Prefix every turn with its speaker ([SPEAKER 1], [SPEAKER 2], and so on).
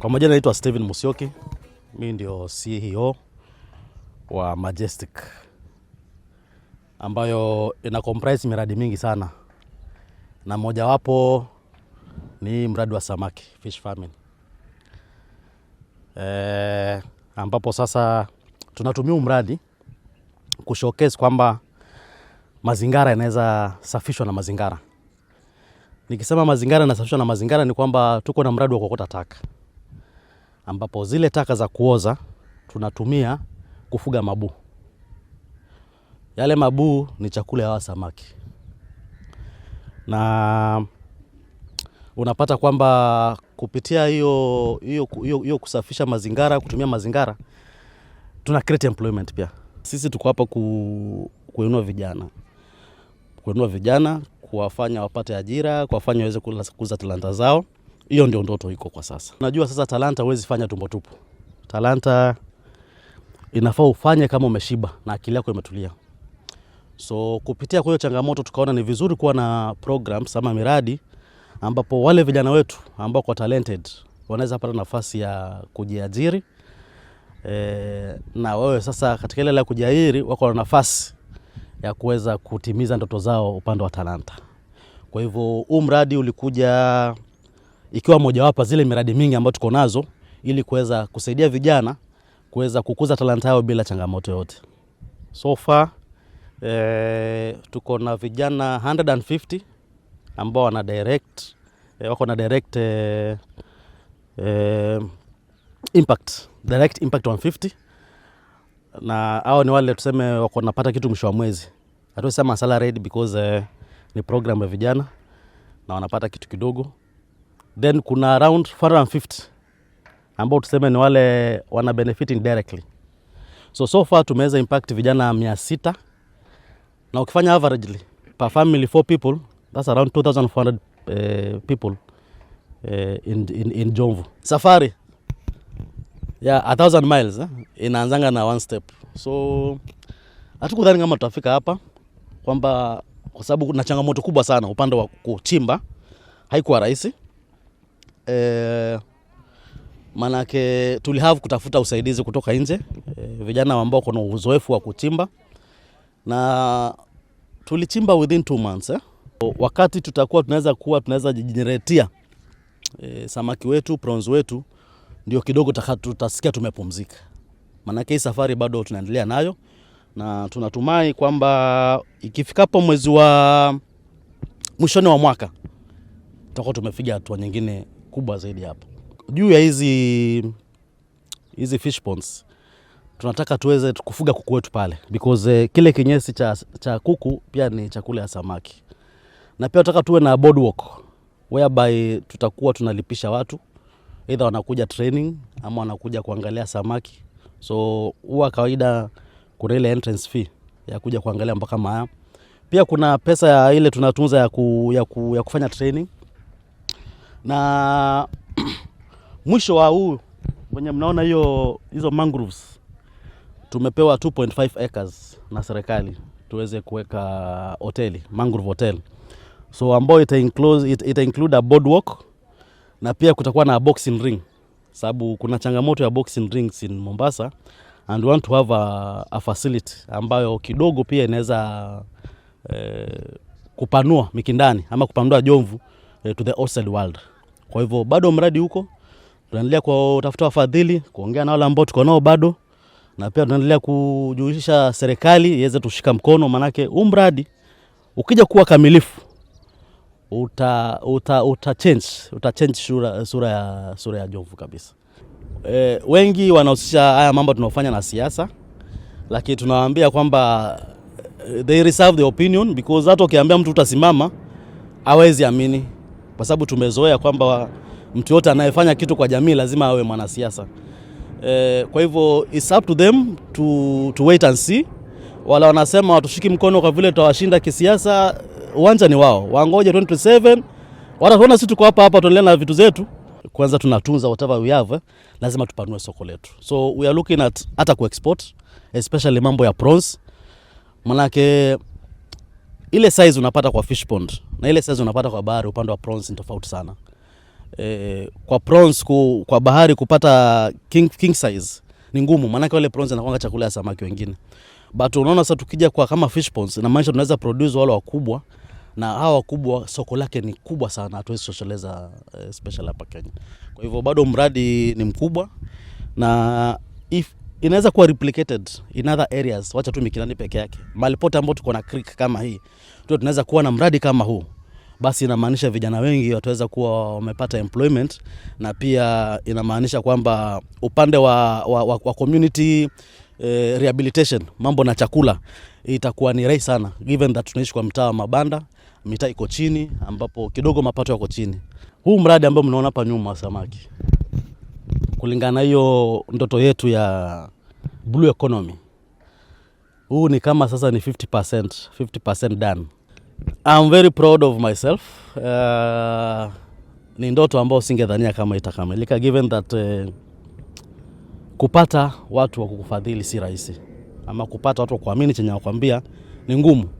[SPEAKER 1] Kwa majina naitwa Steven musioki mi ndio CEO wa Majestic ambayo ina comprise miradi mingi sana, na mojawapo ni mradi wa samaki fish farming e, ambapo sasa tunatumia mradi kushowcase kwamba mazingara yanaweza safishwa na mazingara. Nikisema mazingara yanasafishwa na mazingara ni kwamba tuko na mradi wa kuokota taka ambapo zile taka za kuoza tunatumia kufuga mabuu. Yale mabuu ni chakula ya samaki, na unapata kwamba kupitia hiyo hiyo hiyo kusafisha mazingara, kutumia mazingara, tuna create employment pia. Sisi tuko hapa ku, kuinua vijana, kuinua vijana, kuwafanya wapate ajira, kuwafanya waweze kuza talanta zao. Hiyo ndio ndoto iko kwa sasa. Najua sasa talanta huwezi fanya tumbo tupu. Talanta inafaa ufanye kama umeshiba na akili yako imetulia. So kupitia kwa hiyo changamoto tukaona ni vizuri kuwa na programs ama miradi ambapo wale vijana wetu ambao kwa talented wanaweza pata nafasi ya kujiajiri e, na wewe sasa katika ile ya kujiajiri wako na nafasi ya kuweza kutimiza ndoto zao upande wa talanta. Kwa hivyo huu mradi ulikuja ikiwa mojawapo zile miradi mingi ambayo tuko nazo ili kuweza kusaidia vijana kuweza kukuza talanta yao bila changamoto yote. So far eh, tuko na vijana 150 ambao wana direct eh, wako na direct eh, eh, impact direct impact 150 na hao ni wale tuseme wako wanapata kitu mwisho wa mwezi, hatuwezi sema because eh, ni program ya vijana na wanapata kitu kidogo then kuna around 450 ambao tuseme ni wale wana benefit indirectly. So so far tumeweza impact vijana 600 na ukifanya averagely per family four people that's around 2400 uh, eh, people uh, in, in, in Jomvu. Safari ya yeah, 1000 miles eh, inaanzanga na one step. So hatukudhani kama tutafika hapa kwamba kwa sababu kuna changamoto kubwa sana upande wa kuchimba, haikuwa rahisi e, manake tulihavu kutafuta usaidizi kutoka nje e, vijana ambao kuna uzoefu wa kuchimba na tulichimba within two months eh. Wakati tutakuwa tunaweza kuwa tunaweza jijeneretia e, eh, samaki wetu prawns wetu, ndio kidogo tutasikia tumepumzika, manake hii safari bado tunaendelea nayo, na tunatumai kwamba ikifikapo mwezi wa mwishoni wa mwaka tutakuwa tumefiga hatua nyingine kubwa zaidi hapo. Juu ya hizi hizi fish ponds tunataka tuweze kufuga kuku wetu pale because uh, kile kinyesi cha, cha kuku pia ni chakula ya samaki, na pia tunataka tuwe na boardwalk whereby tutakuwa tunalipisha watu either wanakuja training ama wanakuja kuangalia samaki. So huwa kawaida kuna ile entrance fee ya kuja kuangalia mpaka maya. Pia kuna pesa ya ile tunatunza ya, ku, ya, ku, ya kufanya training na mwisho wa huu wenye mnaona hiyo hizo mangroves tumepewa 2.5 acres na serikali tuweze kuweka hoteli mangrove hotel, so ambayo ita include, it, ita include a boardwalk na pia kutakuwa na boxing ring, sababu kuna changamoto ya boxing rings in Mombasa and want to have a, a facility ambayo kidogo pia inaweza eh, kupanua Mikindani ama kupanua Jomvu Eh, to the outside world. Kwa hivyo bado mradi huko, tunaendelea kutafuta wafadhili, kuongea na wale ambao tuko nao bado, na pia tunaendelea kujulisha serikali iweze tushika mkono, manake huu mradi ukija kuwa kamilifu uta, uta, uta change, uta change sura, sura, ya, sura ya Jomvu kabisa. E, wengi wanahusisha haya mambo tunaofanya na siasa, lakini tunawaambia kwamba eh, they reserve the opinion because hata ukiambia mtu utasimama hawezi amini kwa sababu tumezoea kwamba mtu yote anayefanya kitu kwa jamii lazima awe mwanasiasa. E, kwa hivyo it's up to them to, to wait and see. Wala wanasema watushiki mkono kwa vile tutawashinda kisiasa, uwanja ni wao, wangoje 2027 watatuona. Sisi tuko hapa hapa, tuendelee na vitu zetu. Kwanza tunatunza whatever we have, lazima tupanue soko letu, so we are looking at hata ku export especially mambo ya prawns manake ile size unapata kwa fish pond na ile size unapata kwa bahari upande wa prawns ni tofauti sana. E, kwa prawns ku, kwa bahari kupata king, king size ni ngumu, maanake wale prawns anakwanga chakula ya samaki wengine, but unaona sasa, tukija kwa kama fish ponds na maanisha tunaweza produce wale wakubwa, na hawa wakubwa soko lake ni kubwa sana, hatuwezi sosholeza eh, special hapa Kenya. Kwa hivyo bado mradi ni mkubwa na if inaweza kuwa replicated in other areas. Wacha tu Mikindani peke yake, mahali pote ambapo tuko na creek kama hii tu tunaweza kuwa na mradi kama huu, basi inamaanisha vijana wengi wataweza kuwa wamepata employment, na pia inamaanisha kwamba upande wa, wa, wa, wa community eh, rehabilitation, mambo na chakula itakuwa ni rahisi sana, given that tunaishi kwa mtaa wa mabanda, mitaa iko chini, ambapo kidogo mapato yako chini. Huu mradi ambao mnaona hapa nyuma samaki kulingana na hiyo ndoto yetu ya blue economy. Huu ni kama sasa ni 50%, 50% done. I'm very proud of myself. Uh, ni ndoto ambayo singedhania kama itakamilika given that uh, kupata watu wa kukufadhili si rahisi, ama kupata watu wa kuamini chenye wakwambia ni ngumu.